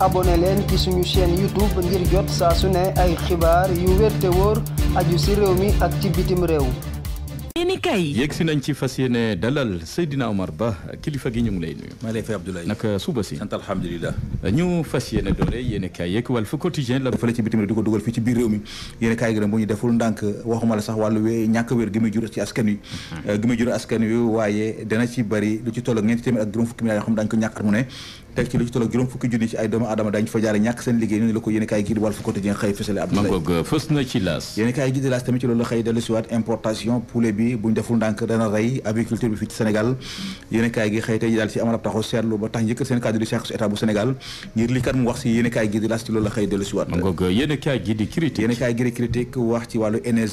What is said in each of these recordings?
abonné leen ci suñu chaîne YouTube ngir jot saa su ne ay xibaar yu wér te wóor aju ci réew mi ak ci bitim réew. yéeg si nañ ci fas yéene dalal Seydina Omar Ba kilifa gi ñu ngi lay nuyu. maa lay fay Abdoulaye. naka suba si. sant alhamdulilah. ñu fas yéene doole yéen kaay yeeg Walf Quotidien la. fële ci bitim réew ko dugal fii ci biir réew mi yéen kaay gi nag bu ñu deful ndànk waxuma la sax wàllu wee ñàkk wér gi muy jur ci askan wi. Mhm. gi muy jur askan wi waaye dana ci bari lu ci toll ak ñeenti téeméer ak xam ne daañu ko mu ne teg ci lu ci toll juróom fukki junni ci ay doomu aadama dañ fa ñàkk seen liggéey ñu la ko yéen kaay gii di wàll fu quotidien xëy fësale ab di laas tamit ci fii ci Sénégal yéen kaay gi xëy tey daal si amal ab taxaw seetlu ba tax yëkkat seen kàddu di seex su état bu Sénégal ngir wax ci loolu xëy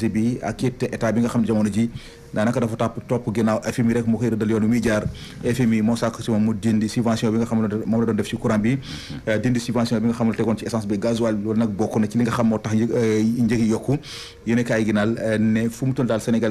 bi ak it état bi nga xam jamono ji daanaka dafa tàpp topp ginnaaw FMI rek moo koy rëddal yoon bi muy jaar FMI moo sàkk ci moom mu dindi subvention bi nga xam ne moom la doon euh, tegoon ci essence bi gasoil bi nag bokk na ci li nga xam moo tax euh, njëg yi yokku yéen euh,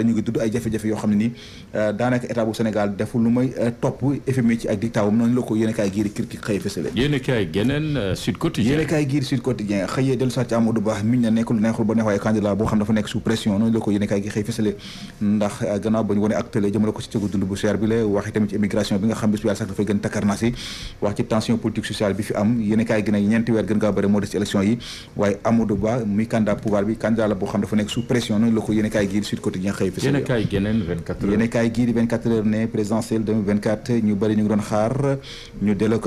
ñu ngi dudd ay jafe yoo xam ne ni daanaka état bu Sénégal deful lu may topp FMI ci ak dictaawam noonu la ko kaay giir critique xëye fësale yéen kaay geneen Sud Quotidien yéen kaay giir Sud xëyee dellu saat ci Amadou Ba miñ na nekkul neexul ba neex waaye candidat boo xam dafa nekk sous pression noonu la ko yéen kaay gi xëy fësale ndax Euh, gannaaw ba ñu wone ak télé jëmale ko ci cëgu dund bu cher bi la wax tamit ci immigration bi nga xam bis bu yàlla sax dafay gën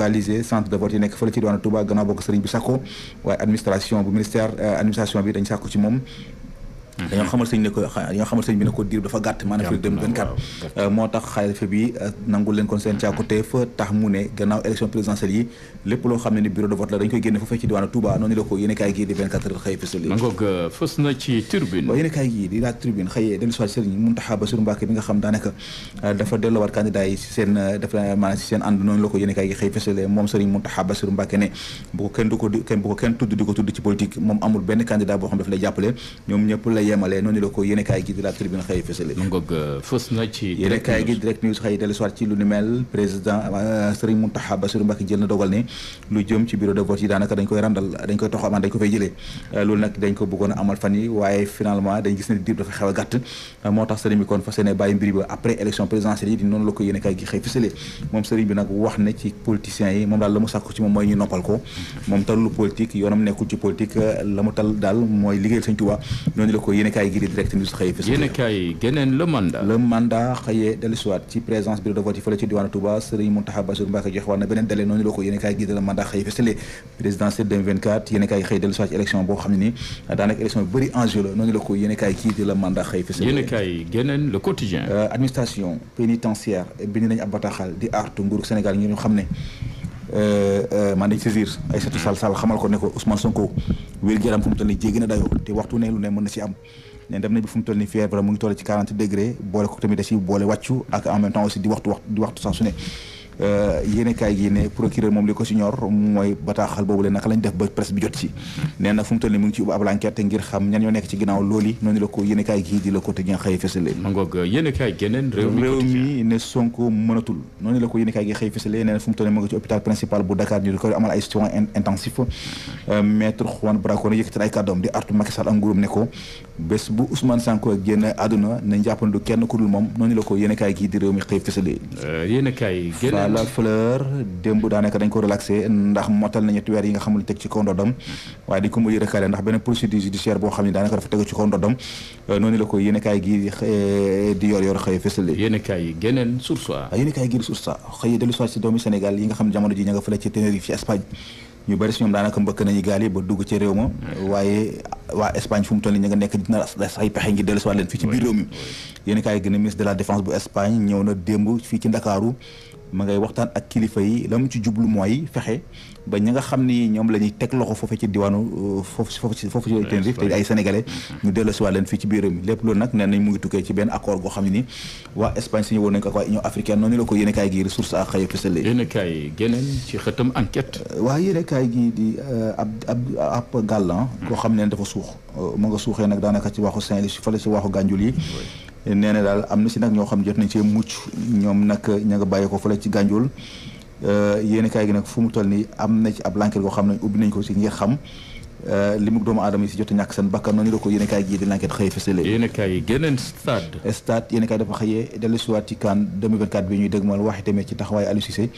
la ci diwaanu Touba gannaaw boo ko sëriñ bi sàkko waaye administration bu ministère euh, administration bi dañ sàkko ci moom dañoo xamal sëñ ne ko dañoo xamal sëñ bi ne ko diir dafa gàtt maanaam euh, fi euh, de vote la dañ koy euh, nga xam daanaka dafa delluwaat candidat seen dafa maanaam seen ànd noonu la ko yéen kaay gi xëy fësale moom sëriñ Mountakha Bassirou ne bu ko kenn tudd di ko tudd ci politique moom amul benn candidat boo xam daf lay jàppale ñoom ñëpp lay yemalee euh, euh, dañ koy randal dañ koy toxo amaan dañ ko fay euh, loolu nag dañ ko bëggoon a fan yi waaye finalement dañ gis ne diir dafa xew a gàtt moo tax sëriñ bi kon fas yéene bi nag wax ne ci politiciens yi moom daal la mu ci moom mooy ñu noppal ko moom talul politique yoonam nekkul ci politique la tal daal mooy liggéeyal Sëriñ Tuubaa noonu la ko yéen kaay gi di direct news xëy fës yéen kaay geneen le mandat le mandat xëyee dellusiwaat ci présence bureau de vote ci diwaanu Touba Serigne Mountakha mandat xëy fësale présidentielle 2024 yéen kaay xëy ci élection boo xam ne ni daanaka élection bi bëri enjeu la mandat xëy fësale yéen geneen le quotidien euh, administration pénitentiaire bind nañ ab bataaxal di artu nguuru Sénégal ñu xam ne euh, euh, maa ngi saisir Aïssatou Sall Sall xamal ko ne ko Ousmane wér-gu-yaram fu mu toll nii jéggi na dayoo te waxtu ne lu ne mën na si am ne dem nañ bi fu mu toll nii fièvre mu ngi toll ci 40 degré boole ko tamit da si boole wàccu ak en temps di waxtu waxtu di waxtu sax su ne Euh, yéene kaay gi ne procureur moom li ko si ñor mooy bataaxal boobu le naka lañ def ba presse bi jot ci nee na fu mu toll nii mu ngi ci ubbi ab enquête ngir xam ñan ñoo nekk ci ginnaaw loolu noonu la ko yéene kaay gi di la ko te ñaa xëy fësale euh, réew mi ne Sonko mënatul noonu na fu mu toll euh, kenn ku dul moom noonu la ko yéene kaay di réew mi la fleur démb daanaka dañ ko relaxé ndax motal na ñetti weer yi nga xam teg ci kaw ndodam waaye dañ ko mujj recalé ndax benn procédure judiciaire boo xam dafa tegu ci kaw ndodam euh, noonu la ko yéenekaay gi di euh, yor yor xëy fësale yéenekaay yi geneen source waaw ah, yéenekaay gi di source dellu soit Sénégal yi nga xam ne jamono ji ña nga fële ci Tenerife ci Espagne ñu bari si ñoom daanaka mbëkk nañu gaal yi ba dugg ci réew ma waaye waa Espagne fu mu toll nii ñu nga nekk dina ay pexe ngir dellusiwaat leen fii ci biir réew mi yéen kaay gën a de la défense bu Espagne ñëw na démb fii ci Ndakaaru ma ngay waxtaan ak kilifa yi la mu ci jublu mooy fexe ba ñi nga xam ni ñoom la ñuy teg loxo foofu ci diwaanu euh, foofu foofu foofu si Tenerife te ay sénégalais mm-hmm. ñu delloosiwaat leen fii ci biir lépp loolu nag nee nañ mu ngi tukkee ci benn accord goo xam ne ni waa Espagne signé woon nañ la ko yéene kaay gi ressource ak xëy fësale yéene kaay geneen ci xëtam enquête euh, waaw gi di euh, ab ab ab gàllan mm. koo xam ne dafa suux ma nga suuxee nag daanaka ci waxu Saint-Louis fële waaxu waxu Gànjul yi nee na daal am na si nag ñoo xam ne jot nañ cee mucc ñoom nag ña nga bàyyi ko fële ci gànjul euh, yéen kaay gi nag fu mu toll nii am na ci ab lanket goo xam ne ubbi nañ ko si ngir xam euh, li mu doomu aadama yi jot a ñàkk seen bakkan noonu la ko yéen kaay gi di lanket xëy fësale yéen kaay yi geneen stade stade yéen kaay dafa xëyee dellusiwaat ci CAN 2024 bi ñuy dëgmal waxi tamit taxawaay Aliou Cissé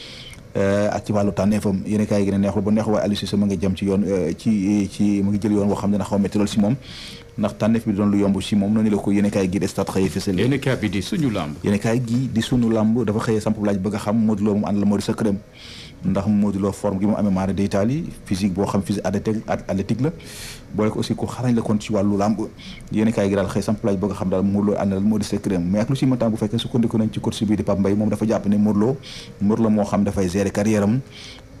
euh, ak ci wàllu tànneefam yéen kaay gi ne neexul ba neexul waaye Aliou Cissé ma ngi jëm ci yoon ci ci ma ngi jël yoon woo xam ne na xaw metti lool si moom ndax tànneef bi doon lu yomb ci moom noonu la ko yéenekaay gi di stade xëyee fësal yéenekaay bi di suñu làmb yéenekaay gi di suñu làmb dafa xëyee samp laaj bëgg a xam boo xam physique athlétique athlétique la boole ko aussi ku xarañ la ci wàllu làmb yéenekaay gi daal xëy samp a xam daal Modou Lo ànd la moo di sa këram mais ak lu Lo moo xam dafay gérer carrière am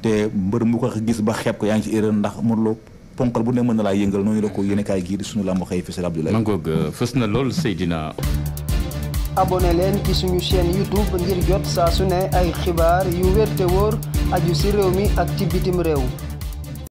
te mbër mu ko gis ba xeeb ko yaa ngi ci erreur ndax Modou Lo ponkal bu ne mën na laa yëngal noonu la ko yéen kaay gii di sunu làmb xëy fësal Abdoulaye. Mangoog euh, fës na lool Seydina. abonné leen ci suñu chaîne YouTube ngir jot saa su ne ay xibaar yu werte te wóor aju si réew mi ak ci bitim réew.